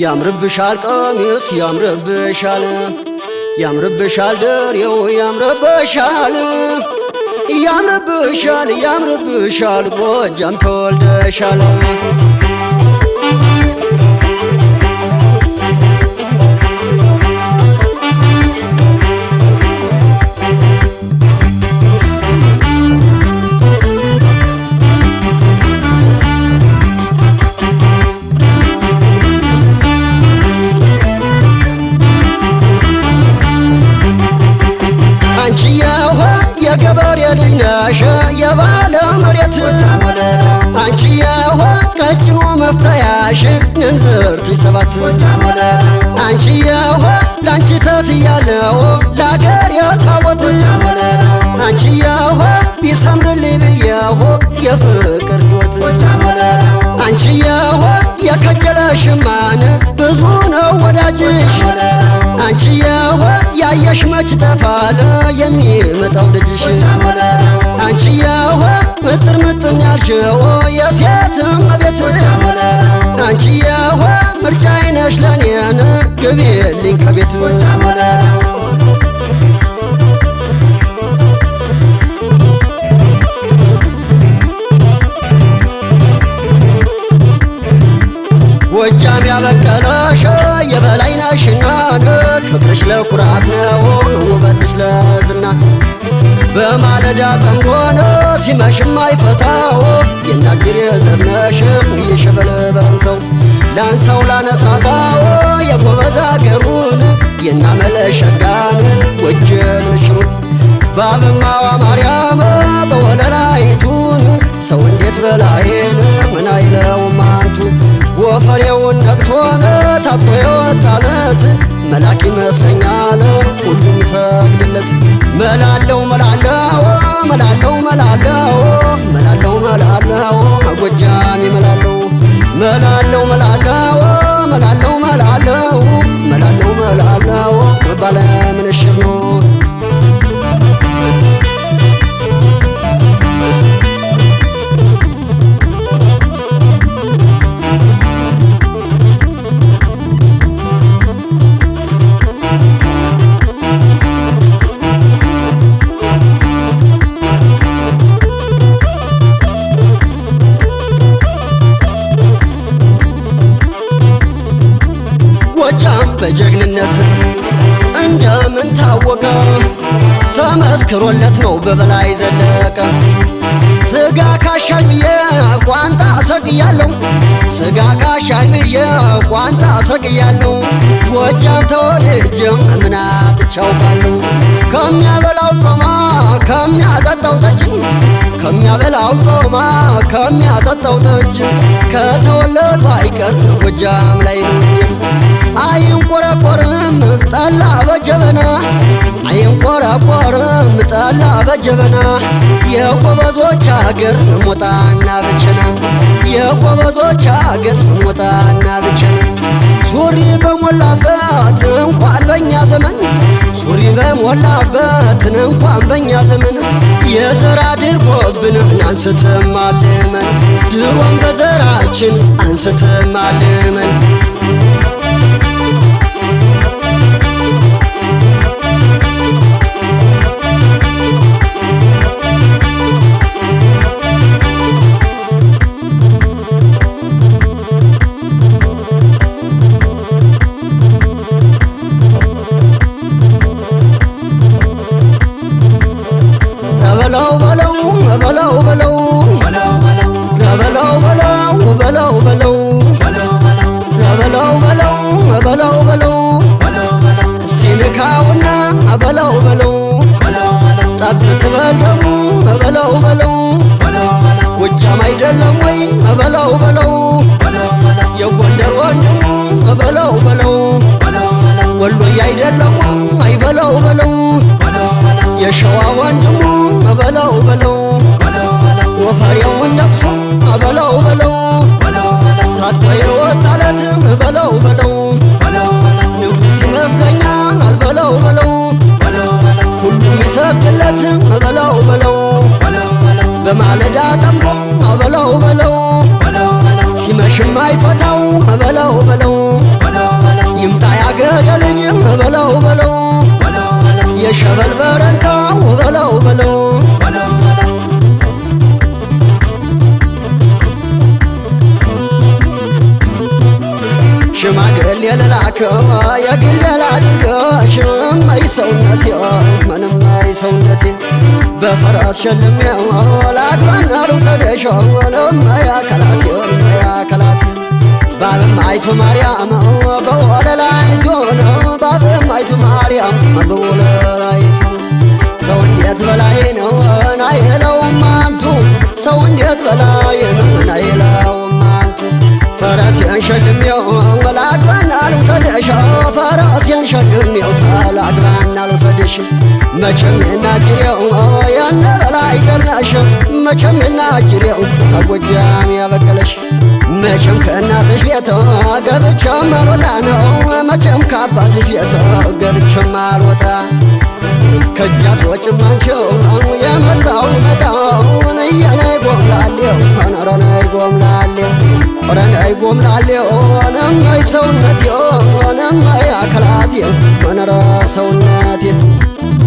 ያምርብሻል ቀሚስ ያምርብሻል ያምርብሻል ደሬው ያምርብሻል ያምርብሻል ያምርብሻል ጎጃም ተወልደሻል አንቺ የውሃ የገበሬ ልጅ ነሽ የባለ መሬት አንቺ የውሃ ቀጭኖ መፍታያሽ ንዝርት ሰባት አንቺ የውሃ ለአንቺ ተስያለው ለአገር የታወት አንቺ የውሃ ቢሰምርልኝ ብየሁ የፍቅር ሞት አንቺ የውሃ የከጀለ ሽማን ብዙ ነው ወዳጅሽ አንቺ የሆ ያየሽ መች ተፋለ የሚመጣው ልጅሽ አንቺ የሆ ምጥር ምጥን ያልሽው የሴትም ቤት አንቺ የሆ ምርጫ አይነሽ ለኔን ግቢልኝ ከቤት ያበቀለሽ የበላይ ነሽና ክብርሽ ለኩራት ነው ውበትሽ ለዝና በማለዳ ቀን ሆነ ሲመሽም አይፈታው የናግር የዘርነሽም እየሸፈለ በረንተው ላንሳው ላነሳሳው የጎበዛ ገሩን የናመለሸዳን ወጀ ምንሽሩን በአብማዋ ማርያም በወለላይቱን ሰው እንዴት በላዬን ከንፈሬውን ነቅሶ ታጥቆ የወጣለት መላክ ይመስለኛል ሁሉም ሰግድለት መላለው መላለው መላለው መላለው መላለው መላለው ጎጃም መላለው መላለው መላለው መላለው መላለው መላለው መላለው በጀግንነት እንደምን ታወቀ ተመስክሮለት ነው በበላይ ዘለቀ። ስጋ ካሻይ ብዬ ቋንጣ ሰቅያለሁ፣ ስጋ ካሻይ ብዬ ቋንጣ ሰቅያለሁ። ጎጃም ተወልጄ ምን አጥቻለሁ ከሚያበላው ጮማ ከሚያጠጣው ጠጅ ከሚያበላው ጮማ ከሚያጠጣው ጠጅ ከተወለዱ አይቀር ጎጃም ላይ አይንቆረቆርም ጠላ በጀበና አይንቆረቆርም ጠላ በጀበና የጎበዞች አገር ሞጣና ብቸና የጎበዞች አገር ሞጣና ብቸና ሱሪ በሞላበት እንኳን በኛ ዘመን ሱሪ በሞላበት እንኳን በኛ ዘመን የዘር አድርጎብን አንስተማልመን ድሮም በዘራችን አንስተማልመን አበላው በለው እስቲ ንካውና አበላው በለው ጠብ ትበል ደግሞ አበላው በለው ጎጃም አይደለም ወይ አበላው በለው የጎንደር ወንድሙ አበላው በለው ወሎዬ አይደለም አይበላው በለው የሸዋ ወንድሙ አበላው በለው ወፈሪያውን ነቅሶ በማለዳ ጠምቆ አበለው በለው ሲመሽም አይፈታው አበለው በለው ይምጣ ያገሬ ልጅም አበለው በለው የሸበል በረንታው አበለው በለው ሽማግሌ የግሌ ላድርገሽ አይ ሰውነቴ ምንም አይ ሰውነቴ በፈረስ ሸልሜው ላግባና ልውሰደሸው ለማይ አካላቴ ለማይ አካላቴ ባብም አይቶ ማርያም በወለላይቶ ነው ባብም አይቶ ማርያም በወለላይቶ ሰው እንዴት በላይ ነው ናይለውም አንቱ ሰው እንዴት በላይ ነው ናይለውም አንቱ ፈረስ ሸልሜው ላግባና ልውሰደሸው ራሴን ሸክሜው አላግባና ልውሰድሽ መቼም የናጅሬው ያነ ላይ ዘርናሽ መቼም የናጅሬው ከጎጃም ያበቀለሽ መቼም ከእናትሽ ቤት ገብቼም አልወጣ ነው መቼም ከአባትሽ ቤት ገብቼም አልወጣ ከእጃት ወጭም አንቺው የመጣው ይመጣውን እየነይ ጎምላሌው መኖረነይ ጎምላሌው ረናይ ጎምላሌ ነማይ ሰውነት ነማይ አካላት የሆነ ሰውነት